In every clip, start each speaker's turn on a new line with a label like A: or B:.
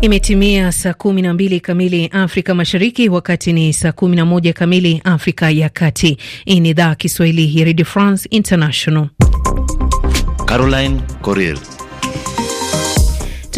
A: Imetimia saa 12 kamili Afrika Mashariki, wakati ni saa 11 kamili Afrika ya Kati. Hii ni idhaa Kiswahili ya Redio France International.
B: Caroline Corrier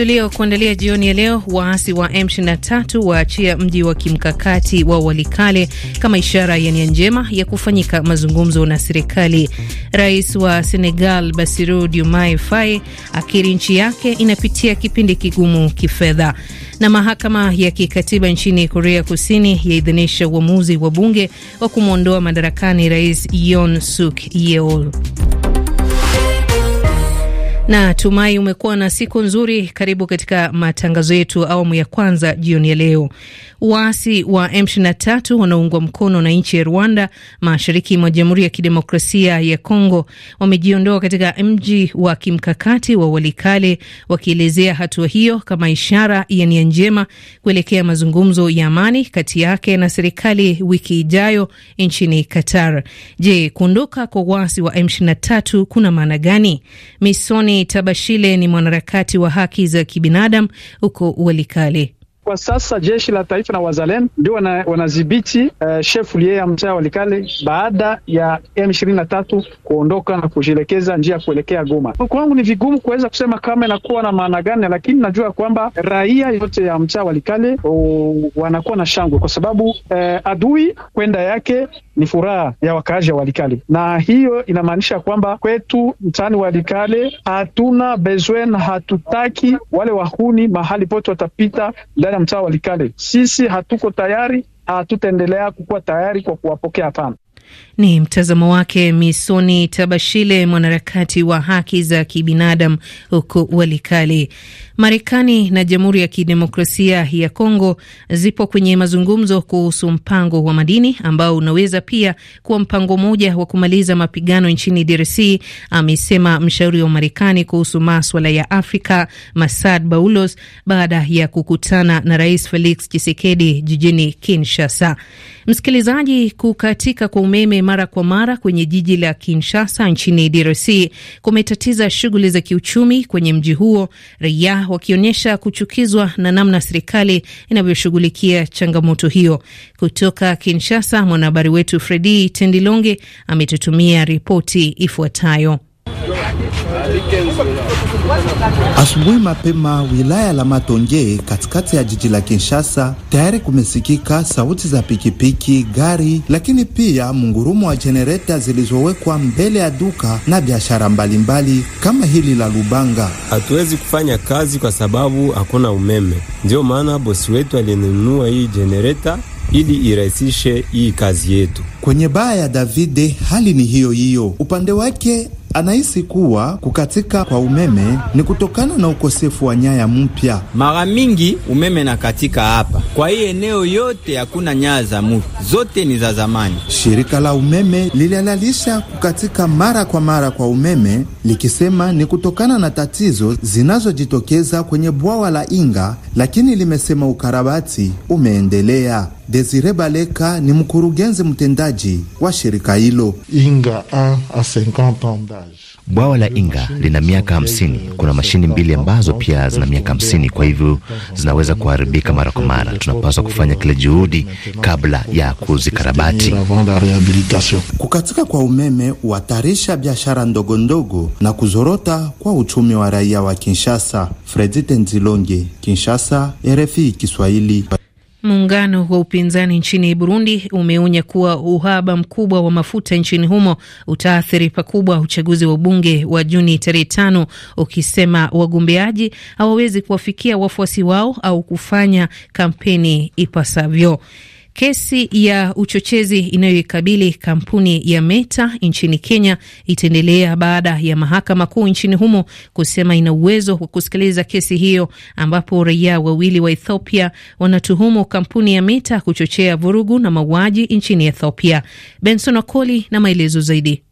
A: tuliokuandalia jioni ya leo: waasi wa M23 waachia mji wa kimkakati wa Walikale kama ishara ya nia njema ya kufanyika mazungumzo na serikali. Rais wa Senegal Bassirou Diomaye Faye akiri nchi yake inapitia kipindi kigumu kifedha. Na mahakama ya kikatiba nchini Korea Kusini yaidhinisha uamuzi wa bunge wa kumwondoa madarakani rais Yoon Suk Yeol. Na tumai umekuwa na siku nzuri. Karibu katika matangazo yetu awamu ya kwanza jioni ya leo. Waasi wa M23 wanaoungwa mkono na nchi ya Rwanda mashariki mwa Jamhuri ya Kidemokrasia ya Kongo wamejiondoa katika mji wa kimkakati wa Walikale, wakielezea hatua hiyo kama ishara ya nia njema kuelekea mazungumzo ya amani kati yake na serikali wiki ijayo nchini Qatar. Je, kuondoka kwa waasi wa M23 kuna maana gani? Misoni Tabashile ni mwanaharakati wa haki za kibinadamu huko Walikale
C: kwa sasa jeshi la taifa na wazalendo ndio wanadhibiti uh, eh, shefu liye ya mtaa wa Likale baada ya M23 kuondoka na kujielekeza njia ya kuelekea Goma. Kwangu ni vigumu kuweza kusema kama inakuwa na maana gani, lakini najua kwamba raia yote ya mtaa wa Likale wanakuwa na shangwe kwa sababu uh, adui kwenda yake ni furaha ya wakaaji wa Likale, na hiyo inamaanisha kwamba kwetu mtaani wa Likale hatuna bezwen, hatutaki wale wahuni mahali pote watapita ndani kuwapokea mtaa Walikale. Sisi hatuko tayari, hatutaendelea kukuwa tayari kwa kuwapokea. Hapana.
A: Ni mtazamo wake Misoni Tabashile, mwanaharakati wa haki za kibinadamu huko Walikale. Marekani na Jamhuri ya Kidemokrasia ya Kongo zipo kwenye mazungumzo kuhusu mpango wa madini ambao unaweza pia kuwa mpango mmoja wa kumaliza mapigano nchini DRC, amesema mshauri wa Marekani kuhusu maswala ya Afrika Masad baulos baada ya kukutana na Rais Felix chisekedi jijini Kinshasa. Msikilizaji, kukatika kwa umeme mara kwa mara kwenye jiji la Kinshasa nchini DRC kumetatiza shughuli za kiuchumi kwenye mji huo, raia wakionyesha kuchukizwa na namna serikali inavyoshughulikia changamoto hiyo. Kutoka Kinshasa, mwanahabari wetu Fredi Tendilonge ametutumia ripoti ifuatayo.
C: Asubuhi mapema wilaya la Matonge katikati ya jiji la Kinshasa tayari kumesikika sauti za pikipiki, gari, lakini pia mngurumo wa jenereta zilizowekwa mbele ya duka na biashara mbalimbali kama hili la Lubanga. Hatuwezi kufanya kazi kwa sababu hakuna umeme, ndiyo maana bosi wetu alinunua hii jenereta ili irahisishe hii kazi yetu. Kwenye baa ya Davide hali ni hiyo hiyo. Upande wake anahisi kuwa kukatika kwa umeme ni kutokana na ukosefu wa nyaya mpya. Mara mingi umeme nakatika hapa kwa hii eneo yote, hakuna nyaya za mupya zote ni za zamani. Shirika la umeme lilihalalisha kukatika mara kwa mara kwa umeme likisema ni kutokana na tatizo zinazojitokeza kwenye bwawa la Inga, lakini limesema ukarabati umeendelea. Desire Baleka ni mkurugenzi mtendaji wa shirika hilo.
B: Inga bwawa la Inga lina miaka hamsini. Kuna mashini mbili ambazo pia zina miaka hamsini, kwa hivyo zinaweza kuharibika mara kwa mara. Tunapaswa kufanya kila juhudi kabla ya kuzikarabati.
C: Kukatika kwa umeme huhatarisha biashara ndogo ndogo na kuzorota kwa uchumi wa raia wa Kinshasa. Fredi Tenzilonge, Kinshasa, RFI Kiswahili.
A: Muungano wa upinzani nchini Burundi umeonya kuwa uhaba mkubwa wa mafuta nchini humo utaathiri pakubwa uchaguzi wa ubunge wa Juni tarehe tano, ukisema wagombeaji hawawezi kuwafikia wafuasi wao au kufanya kampeni ipasavyo. Kesi ya uchochezi inayoikabili kampuni ya Meta nchini Kenya itaendelea baada ya mahakama kuu nchini humo kusema ina uwezo wa kusikiliza kesi hiyo, ambapo raia wawili wa Ethiopia wanatuhumu kampuni ya Meta kuchochea vurugu na mauaji nchini Ethiopia. Benson Wakoli na maelezo zaidi.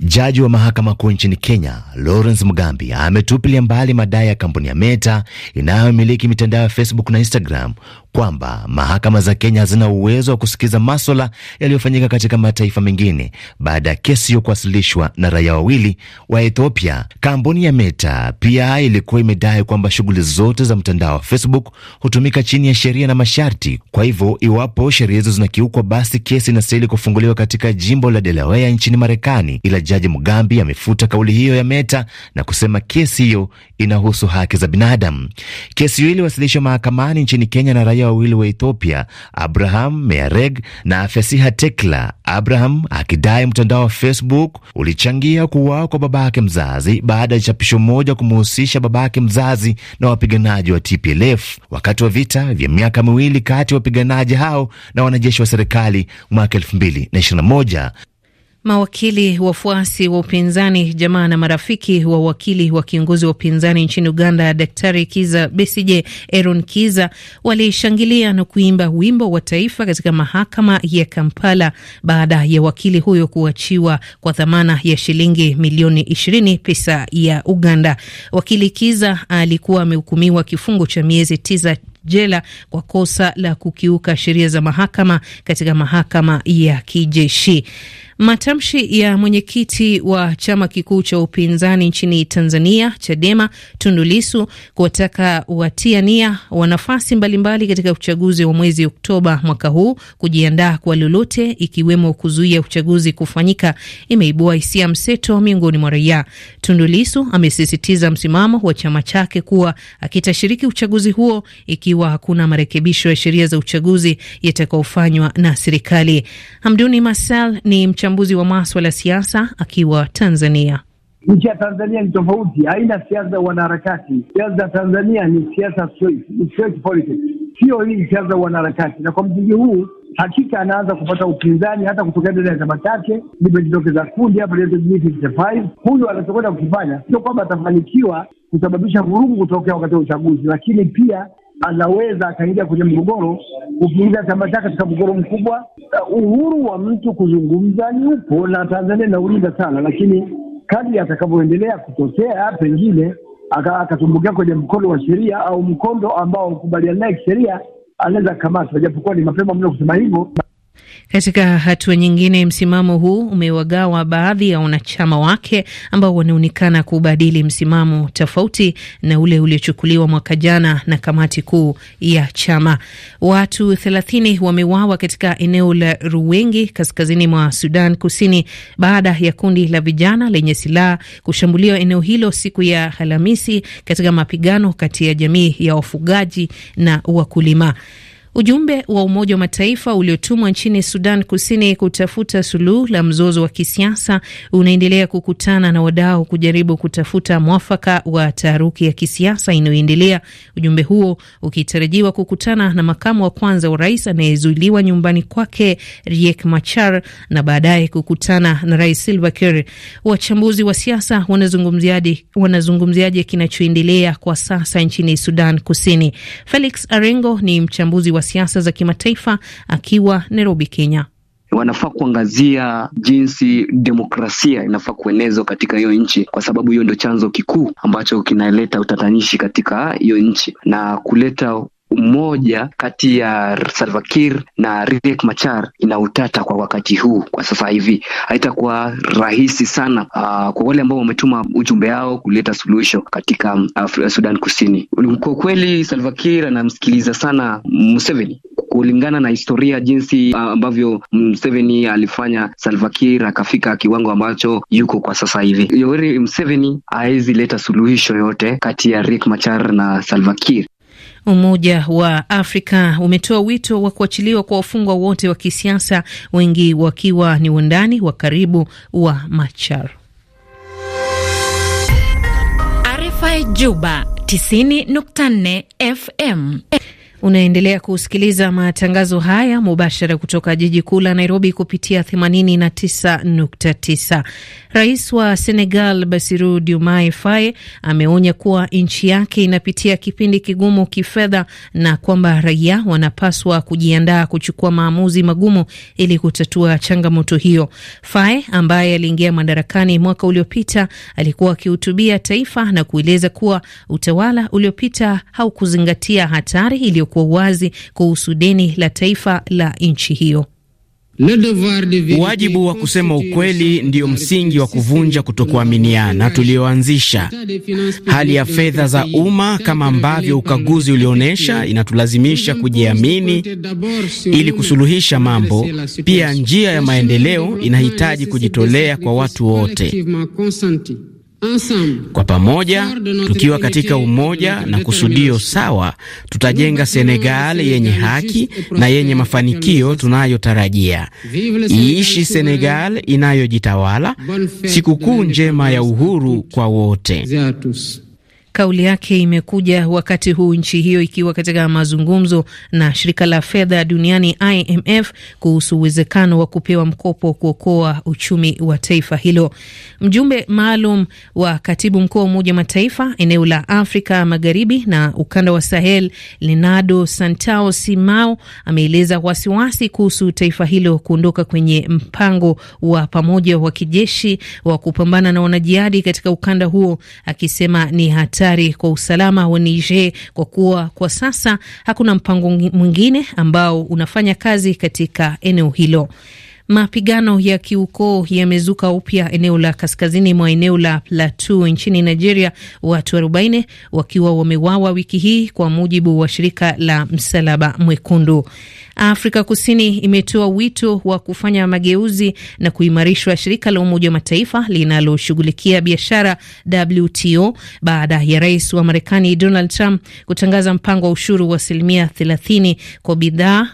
B: Jaji wa mahakama kuu nchini Kenya Lawrence Mugambi ametupilia mbali madai ya kampuni ya Meta inayomiliki mitandao ya Facebook na Instagram kwamba mahakama za Kenya hazina uwezo wa kusikiza maswala yaliyofanyika katika mataifa mengine baada ya kesi hiyo kuwasilishwa na raia wawili wa Ethiopia. Kampuni ya Meta pia ilikuwa imedai kwamba shughuli zote za mtandao wa Facebook hutumika chini ya sheria na masharti. Kwa hivyo, iwapo sheria hizo zinakiukwa, basi kesi inastahili kufunguliwa katika jimbo la Delaware nchini Marekani. Ila Jaji Mugambi amefuta kauli hiyo ya Meta na kusema kesi hiyo inahusu haki za binadamu. Kesi hiyo iliwasilishwa mahakamani nchini Kenya na raia raia wawili wa Ethiopia, Abraham Meareg na Fesiha Tekla. Abraham akidai mtandao wa Facebook ulichangia kuuawa kwa yake mzazi baada ya chapisho moja kumhusisha yake mzazi na wapiganaji wa TPLF wakati wa vita vya miaka miwili kati ya wapiganaji hao na wanajeshi wa serikali mwaka 2021.
A: Mawakili wafuasi wa upinzani, jamaa na marafiki wa wakili wa kiongozi wa upinzani nchini Uganda, Daktari Kiza Besije Aaron Kiza, walishangilia na kuimba wimbo wa taifa katika mahakama ya Kampala baada ya wakili huyo kuachiwa kwa dhamana ya shilingi milioni 20 pesa ya Uganda. Wakili Kiza alikuwa amehukumiwa kifungo cha miezi tisa jela kwa kosa la kukiuka sheria za mahakama katika mahakama ya kijeshi. Matamshi ya mwenyekiti wa chama kikuu cha upinzani nchini Tanzania, Chadema, Tundu Lissu kuwataka watia nia wa nafasi mbalimbali katika uchaguzi wa mwezi Oktoba mwaka huu kujiandaa kwa lolote, ikiwemo kuzuia uchaguzi kufanyika imeibua hisia mseto miongoni mwa raia. Tundu Lissu amesisitiza msimamo wa chama chake kuwa akitashiriki uchaguzi huo ikiwa hakuna marekebisho ya sheria za uchaguzi yatakaofanywa na serikali. Hamduni Masal ni mcha mchambuzi wa maswala ya siasa akiwa Tanzania.
B: Nchi ya Tanzania ni tofauti, haina siasa za wanaharakati. Siasa za Tanzania ni siasa sio hii siasa za wanaharakati. Na kwa msingi huu hakika anaanza kupata upinzani hata kutokea ndani ya chama chake. Limejitokeza kundi hapa huyu anachokwenda kukifanya sio kwamba atafanikiwa kusababisha vurugu kutokea wakati wa uchaguzi, lakini pia anaweza akaingia kwenye mgogoro chama chake katika mgogoro mkubwa. Uh, uhuru wa mtu kuzungumza ni upo na Tanzania inaulinda sana, lakini kadri atakavyoendelea kutokea, pengine akatumbukia kwenye mkondo wa sheria au mkondo ambao ukubaliana naye kisheria, anaweza kamatwa, japokuwa ni mapema mno kusema hivyo.
A: Katika hatua nyingine, msimamo huu umewagawa baadhi ya wanachama wake ambao wanaonekana kubadili msimamo tofauti na ule uliochukuliwa mwaka jana na kamati kuu ya chama. Watu thelathini wamewawa katika eneo la Ruwengi kaskazini mwa Sudan Kusini baada ya kundi la vijana lenye silaha kushambulia eneo hilo siku ya Alhamisi katika mapigano kati ya jamii ya wafugaji na wakulima. Ujumbe wa Umoja wa Mataifa uliotumwa nchini Sudan Kusini kutafuta suluhu la mzozo wa kisiasa unaendelea kukutana na wadau kujaribu kutafuta mwafaka wa taharuki ya kisiasa inayoendelea, ujumbe huo ukitarajiwa kukutana na makamu wa kwanza wa rais anayezuiliwa nyumbani kwake Riek Machar na baadaye kukutana na Rais Salva Kiir. Wachambuzi wa siasa wanazungumziaje wanazungumziaje kinachoendelea kwa sasa nchini Sudan Kusini? Felix Arengo ni mchambuzi wa siasa za kimataifa akiwa Nairobi, Kenya.
B: Wanafaa kuangazia jinsi demokrasia inafaa kuenezwa katika hiyo nchi, kwa sababu hiyo ndio chanzo kikuu ambacho kinaleta utatanishi katika hiyo nchi na kuleta umoja kati ya Salva Kiir na Riek Machar ina utata kwa wakati huu, kwa sasa hivi haitakuwa rahisi sana uh, kwa wale ambao wametuma ujumbe yao kuleta suluhisho katika uh, Sudan Kusini. Kwa kweli Salva Kiir anamsikiliza sana Museveni kulingana na historia jinsi ah, ambavyo Mseveni alifanya Salva Kiir akafika kiwango ambacho yuko kwa sasa hivi. Yoweri Museveni hawezi leta suluhisho yote kati ya Riek Machar na Salva Kiir.
A: Umoja wa Afrika umetoa wito wa kuachiliwa kwa wafungwa wote wa kisiasa, wengi wakiwa ni wandani wa karibu wa Machar. RFI Juba 90.4 FM. Unaendelea kusikiliza matangazo haya mubashara kutoka jiji kuu la Nairobi kupitia 89.9. Rais wa Senegal Bassirou Diomaye Faye ameonya kuwa nchi yake inapitia kipindi kigumu kifedha na kwamba raia wanapaswa kujiandaa kuchukua maamuzi magumu ili kutatua changamoto hiyo. Faye ambaye aliingia madarakani mwaka uliopita alikuwa akihutubia taifa na kueleza kuwa utawala uliopita haukuzingatia hatari iliyo kwa uwazi kuhusu deni la taifa la nchi hiyo.
B: Wajibu wa kusema ukweli ndio msingi wa kuvunja kutokuaminiana tulioanzisha. Hali ya fedha za umma, kama ambavyo ukaguzi ulionyesha, inatulazimisha kujiamini ili kusuluhisha mambo. Pia njia ya maendeleo inahitaji kujitolea kwa watu wote. Kwa pamoja tukiwa katika umoja na kusudio sawa, tutajenga Senegal yenye haki na yenye mafanikio tunayotarajia. Iishi Senegal
A: inayojitawala! Sikukuu njema ya uhuru kwa wote. Kauli yake imekuja wakati huu nchi hiyo ikiwa katika mazungumzo na shirika la fedha duniani IMF kuhusu uwezekano wa kupewa mkopo kuokoa uchumi wa taifa hilo. Mjumbe maalum wa katibu mkuu wa Umoja Mataifa eneo la Afrika Magharibi na ukanda wa Sahel, Leonardo Santao Simao, ameeleza wasiwasi kuhusu taifa hilo kuondoka kwenye mpango wa pamoja wa kijeshi wa kupambana na wanajihadi katika ukanda huo, akisema ni hata hatari kwa usalama wa Niger kwa kuwa kwa sasa hakuna mpango mwingine ambao unafanya kazi katika eneo hilo. Mapigano ya kiukoo yamezuka upya eneo la kaskazini mwa eneo la Plateau nchini Nigeria, watu 40 wakiwa wamewawa wiki hii, kwa mujibu wa shirika la Msalaba Mwekundu. Afrika Kusini imetoa wito wa kufanya mageuzi na kuimarishwa shirika la Umoja wa Mataifa linaloshughulikia biashara WTO baada ya rais wa Marekani Donald Trump kutangaza mpango wa ushuru wa asilimia 30 kwa bidhaa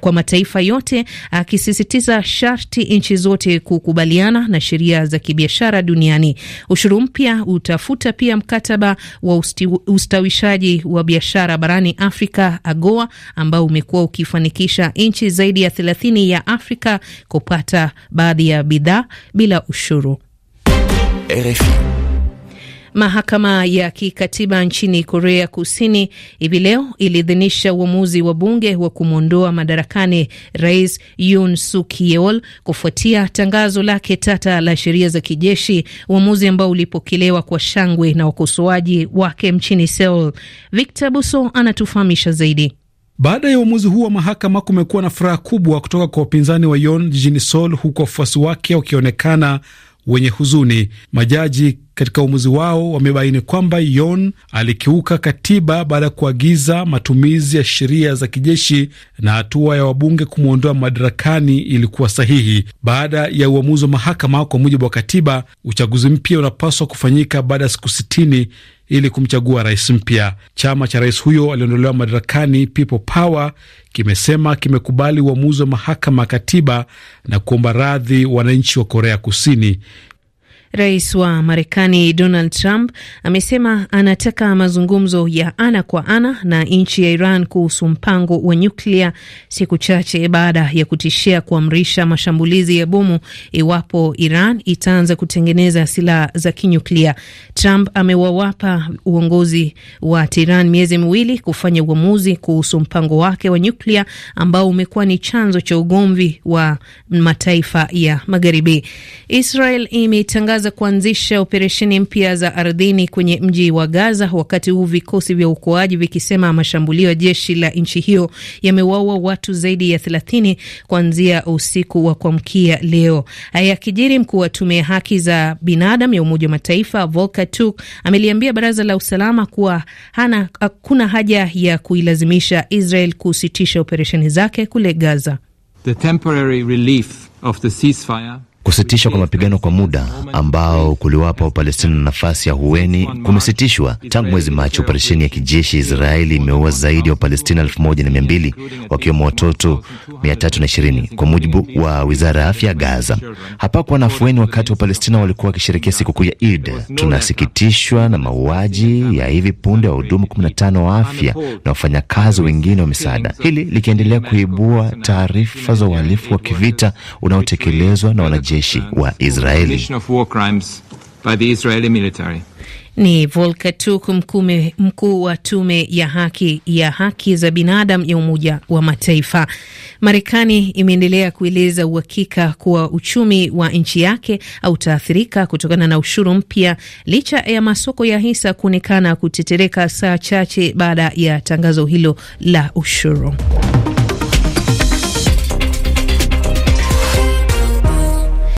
A: kwa mataifa yote akisisitiza sharti nchi zote kukubaliana na sheria za kibiashara duniani. Ushuru mpya utafuta pia mkataba wa usti, ustawishaji wa biashara barani Afrika AGOA ambao umekuwa ukifanikisha nchi zaidi ya thelathini ya Afrika kupata baadhi ya bidhaa bila ushuru. RFI. Mahakama ya kikatiba nchini Korea Kusini hivi leo iliidhinisha uamuzi wa bunge wa kumwondoa madarakani Rais Yoon Suk Yeol kufuatia tangazo lake tata la sheria za kijeshi, uamuzi ambao ulipokelewa kwa shangwe na wakosoaji wake mchini Seoul. Victor Buso anatufahamisha zaidi.
C: Baada ya uamuzi huu wa mahakama, kumekuwa na furaha kubwa kutoka kwa upinzani wa Yoon jijini Seoul, huku wafuasi wake wakionekana wenye huzuni. Majaji katika uamuzi wao wamebaini kwamba Yon alikiuka katiba baada ya kuagiza matumizi ya sheria za kijeshi na hatua ya wabunge kumwondoa madarakani ilikuwa sahihi. Baada ya uamuzi wa mahakama, kwa mujibu wa katiba, uchaguzi mpya unapaswa kufanyika baada ya siku sitini ili kumchagua rais mpya. Chama cha rais huyo aliondolewa madarakani People Power kimesema kimekubali uamuzi wa mahakama ya katiba na kuomba radhi wananchi wa Korea Kusini.
A: Rais wa Marekani Donald Trump amesema anataka mazungumzo ya ana kwa ana na nchi ya Iran kuhusu mpango wa nyuklia, siku chache baada ya kutishia kuamrisha mashambulizi ya bomu iwapo Iran itaanza kutengeneza silaha za kinyuklia. Trump amewawapa uongozi wa Tehran miezi miwili kufanya uamuzi kuhusu mpango wake wa nyuklia ambao umekuwa ni chanzo cha ugomvi wa mataifa ya Magharibi. Israel imetangaza imetangaza kuanzisha operesheni mpya za ardhini kwenye mji wa Gaza, wakati huu vikosi vya uokoaji vikisema mashambulio ya jeshi la nchi hiyo yamewaua watu zaidi ya thelathini kuanzia usiku wa kuamkia leo. ayakijiri mkuu wa tume ya haki za binadamu ya Umoja wa Mataifa Volker Turk ameliambia baraza la usalama kuwa hana hakuna haja ya kuilazimisha Israel kusitisha operesheni zake kule Gaza.
C: The temporary relief of the ceasefire
B: Kusitishwa kwa mapigano kwa muda ambao kuliwapa Wapalestina nafasi ya hueni kumesitishwa tangu mwezi Machi. Operesheni ya kijeshi Israeli imeua zaidi ya Wapalestina elfu moja na mia mbili wakiwemo watoto 320 kwa mujibu wa wizara ya afya ya Gaza. Hapakuwa na afueni wakati Wapalestina walikuwa wakisherekea sikukuu ya id Tunasikitishwa na mauaji ya hivi punde wa hudumu 15 wa afya na wafanyakazi wengine wa misaada, hili likiendelea kuibua taarifa za uhalifu wa kivita unaotekelezwa na wanajeshi wanajeshi wa Israeli.
A: Ni Volker Turk, mkuu wa tume ya haki ya haki za binadamu ya Umoja wa Mataifa. Marekani imeendelea kueleza uhakika kuwa uchumi wa nchi yake hautaathirika kutokana na ushuru mpya, licha ya masoko ya hisa kuonekana kutetereka saa chache baada ya tangazo hilo la ushuru.